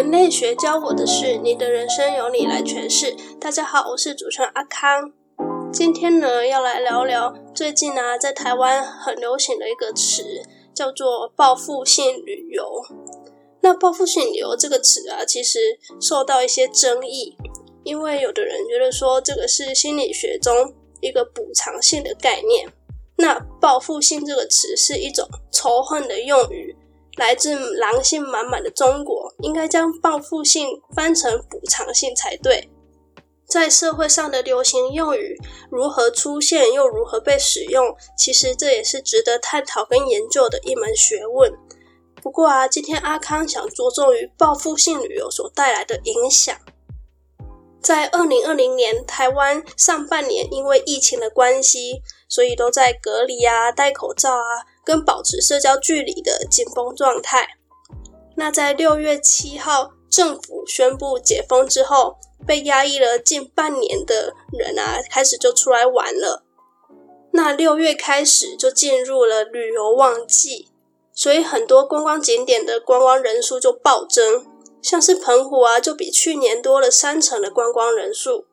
人類學教我的事，你的人生由你來詮釋。大家好，我是主持人阿康。今天呢，要來聊聊最近呢、啊，在台灣很流行的一個詞，叫做報復性旅遊。那報復性旅遊這個詞啊，其實受到一些爭議，因為有的人覺得說，這個是心理學中一個補償性的概念。那報復性這個詞是一種仇恨的用語。來自狼性滿滿的中國，應該將報復性翻成補償性才對。在社會上的流行用語如何出現，又如何被使用，其實這也是值得探討跟研究的一門學問。不過啊，今天阿康想着重於報復性旅遊所帶來的影響。在二零二零年台灣上半年，因為疫情的關係，所以都在隔離啊、戴口罩啊。跟保持社交距離的緊繃狀態。那在六月七號政府宣布解封之後，被壓抑了近半年的人啊，開始就出來玩了。那六月開始就進入了旅遊旺季，所以很多觀光景點的觀光人數就暴增，像是澎湖啊，就比去年多了三成的觀光人數。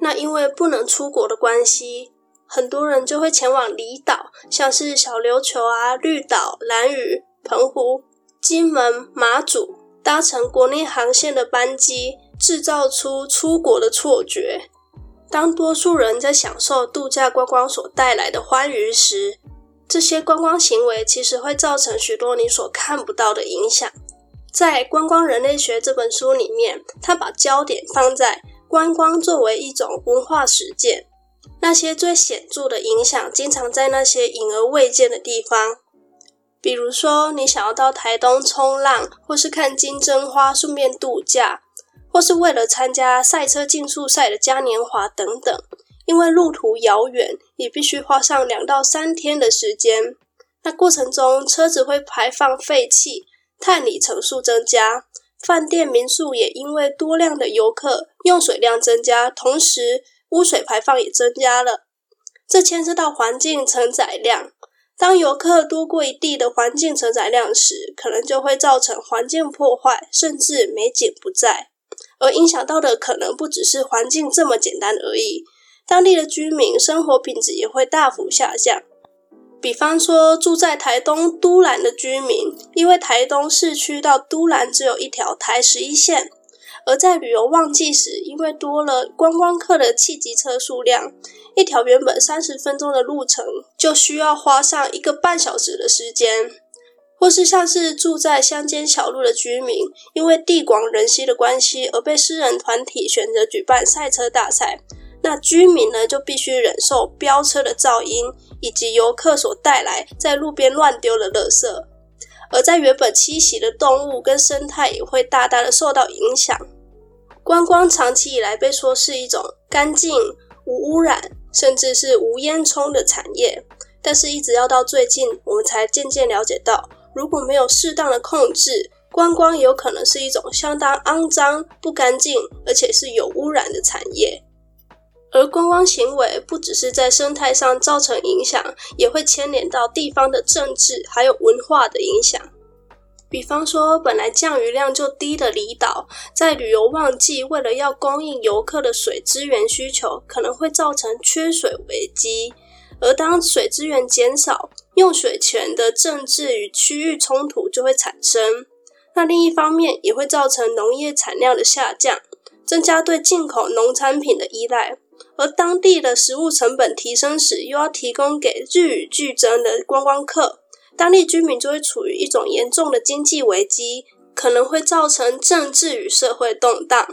那因為不能出國的關係。很多人就會前往離島，像是小琉球啊、綠島、蘭嶼、澎湖、金門、馬祖，搭乘國內航線的班機，製造出出國的錯覺。當多數人在享受度假觀光所帶來的歡愉時，這些觀光行為其實會造成許多你所看不到的影響。在《觀光人類學》這本書裡面，他把焦點放在觀光作為一種文化實踐。那些最顯著的影響，經常在那些隱而未見的地方。比如說，你想要到台東衝浪，或是看金針花，順便度假，或是為了參加賽車競速賽的嘉年華等等。因為路途遙遠，你必須花上兩到三天的時間。那過程中，車子會排放廢氣，碳里程數增加；飯店、民宿也因為多量的遊客，用水量增加，同時，污水排放也增加了，這牽涉到環境承載量。當遊客多過一地的環境承載量時，可能就會造成環境破壞，甚至美景不再。而影響到的可能不只是環境這麼簡單而已，當地的居民生活品質也會大幅下降。比方說，住在台東都蘭的居民，因為台東市區到都蘭只有一條台十一線。而在旅遊旺季時，因為多了觀光客的汽機車數量，一條原本三十分鐘的路程就需要花上一個半小時的時間。或是像是住在鄉間小路的居民，因為地廣人稀的關係，而被私人團體選擇舉辦賽車大賽，那居民呢就必須忍受飆車的噪音，以及遊客所帶來在路邊亂丟的垃圾。而在原本棲息的動物跟生態也會大大的受到影響。觀光長期以來被說是一種乾淨、無污染，甚至是無煙囪的產業，但是一直要到最近，我們才漸漸了解到，如果沒有適當的控制，觀光有可能是一種相當骯髒、不乾淨，而且是有污染的產業。而觀光行為不只是在生態上造成影響，也會牽連到地方的政治還有文化的影響。比方說，本來降雨量就低的離島，在旅遊旺季，為了要供應遊客的水資源需求，可能會造成缺水危機。而當水資源減少，用水權的政治與區域衝突就會產生。那另一方面，也會造成農業產量的下降，增加對進口農產品的依賴。而當地的食物成本提升時，又要提供給日與俱增的觀光客，當地居民就會處於一種嚴重的經濟危機，可能會造成政治與社會動盪。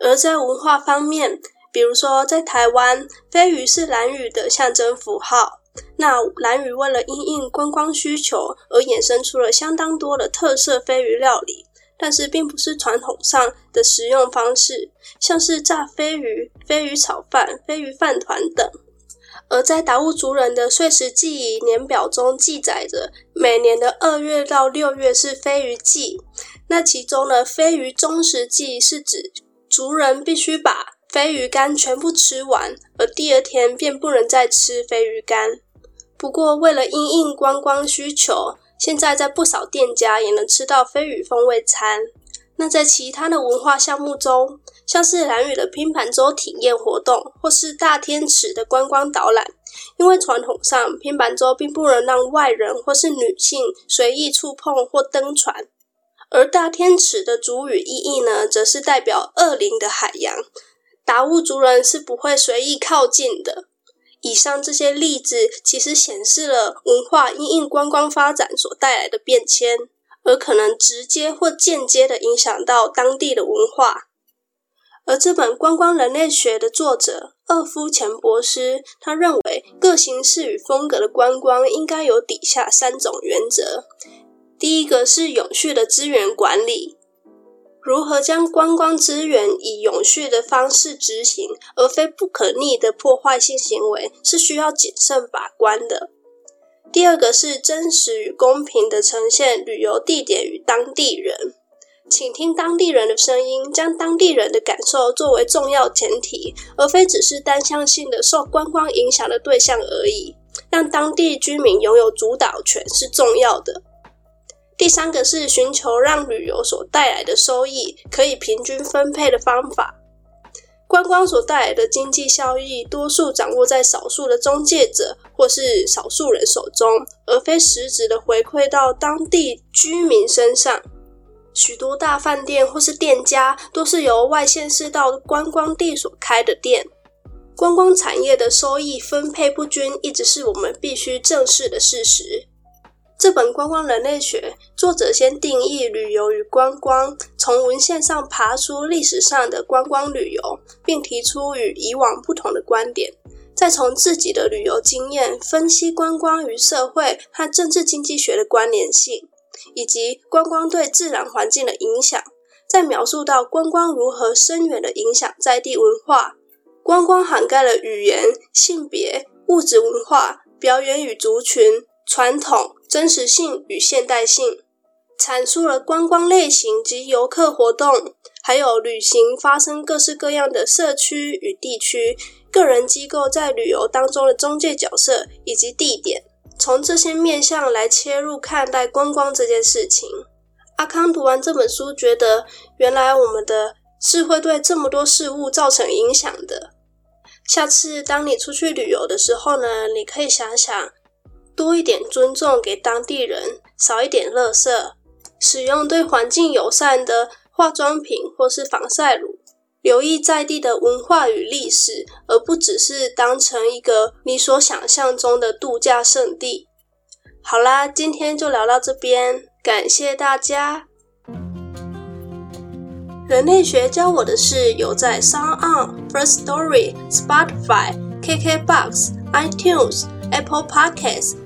而在文化方面，比如說在台灣，飛魚是蘭嶼的象徵符號，那蘭嶼為了因應觀光需求而衍生出了相當多的特色飛魚料理。但是並不是傳統上的食用方式，像是炸飛魚、飛魚炒飯、飛魚飯糰等。而在達悟族人的歲時祭儀年表中記載着，每年的二月到六月是飛魚季。那其中的飛魚終食祭是指族人必須把飛魚乾全部吃完，而第二天便不能再吃飛魚乾。不過為了因應觀光需求，現在在不少店家也能吃到飛魚風味餐。那在其他的文化項目中，像是蘭嶼的拼板舟體驗活動，或是大天池的觀光導覽，因為傳統上拼板舟並不能讓外人或是女性隨意觸碰或登船，而大天池的族語意義呢，則是代表惡靈的海洋，達悟族人是不會隨意靠近的。以上這些例子其實顯示了文化因應觀光發展所帶來的變遷，而可能直接或間接的影響到當地的文化。而這本觀光人類學的作者厄夫錢伯斯，他認為各形式與風格的觀光應該有底下三種原則：第一個是永續的資源管理。如何將觀光資源以永續的方式執行，而非不可逆的破壞性行為，是需要謹慎把關的。第二個是真實與公平的呈現旅遊地點與當地人。請聽當地人的聲音，將當地人的感受作為重要前提，而非只是單向性的受觀光影響的對象而已。讓當地居民擁有主導權是重要的。第三個是尋求讓旅遊所帶來的收益可以平均分配的方法。觀光所帶來的經濟效益，多數掌握在少數的中介者或是少數人手中，而非實質的回饋到當地居民身上。許多大飯店或是店家，都是由外縣市到觀光地所開的店。觀光產業的收益分配不均，一直是我們必須正視的事實。這本《觀光人類學》作者先定義旅遊與觀光，從文獻上爬出歷史上的觀光旅遊，並提出與以往不同的觀點。再從自己的旅遊經驗分析觀光與社會和政治經濟學的關聯性，以及觀光對自然環境的影響。再描述到觀光如何深遠地影響在地文化。觀光涵蓋了語言、性別、物質文化、表演與族群、傳統。真實性與現代性，闡述了觀光類型及遊客活動，還有旅行發生各式各樣的社區與地區，個人機構在旅遊當中的中介角色以及地點，從這些面向來切入看待觀光這件事情。阿康讀完這本書，覺得原來我們的是會對這麼多事物造成影響的。下次當你出去旅遊的時候呢，你可以想想。多一點尊重給當地人，少一點垃圾。使用對環境友善的化妝品或是防曬乳，留意在地的文化與歷史，而不只是當成一個你所想象中的度假勝地。好啦，今天就聊到這邊，感謝大家。人類學教我的事有在 Sound On、First Story、Spotify、KK Box、iTunes、Apple Podcasts。